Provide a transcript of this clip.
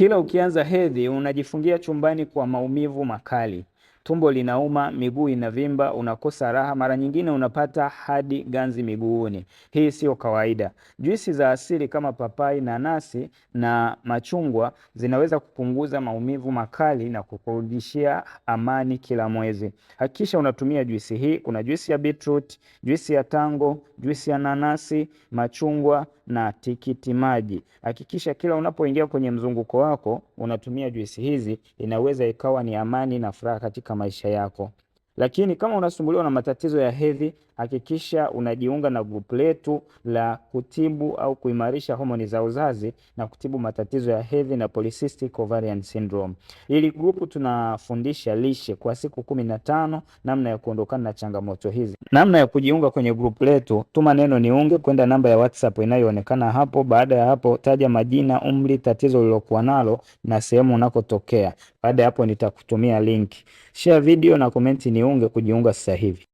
Kila ukianza hedhi unajifungia chumbani kwa maumivu makali tumbo linauma, miguu inavimba, unakosa raha, mara nyingine unapata hadi ganzi miguuni. Hii sio kawaida. Juisi za asili kama papai, nanasi na machungwa zinaweza kupunguza maumivu makali na kukurudishia amani kila mwezi. Hakikisha unatumia juisi hii. Kuna juisi ya beetroot, juisi ya tango, juisi ya nanasi, machungwa na tikiti maji. Hakikisha kila unapoingia kwenye mzunguko wako unatumia juisi hizi, inaweza ikawa ni amani na furaha katika katika maisha yako. Lakini kama unasumbuliwa na matatizo ya hedhi hakikisha unajiunga na grupu letu la kutibu au kuimarisha homoni za uzazi na kutibu matatizo ya hedhi na polycystic ovarian syndrome. Ili grupu tunafundisha lishe kwa siku kumi na tano, namna ya kuondokana na changamoto hizi. Namna ya kujiunga kwenye grupu letu, tuma neno niunge kwenda namba ya WhatsApp inayoonekana hapo. Baada ya hapo, taja majina, umri, tatizo lilokuwa nalo na sehemu unakotokea. Baada ya hapo, nitakutumia link. Share video na komenti niunge kujiunga sasa hivi.